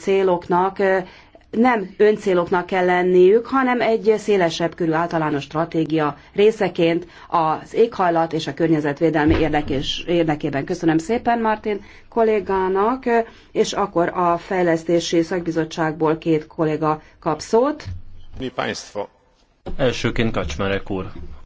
céloknak nem öncéloknak kell lenniük, hanem egy szélesebb körű általános stratégia részeként az éghajlat és a környezetvédelmi érdekés, érdekében. Köszönöm szépen Martin kollégának, és akkor a fejlesztési szakbizottságból két kolléga kap szót. Elsőként Kacsmerek úr.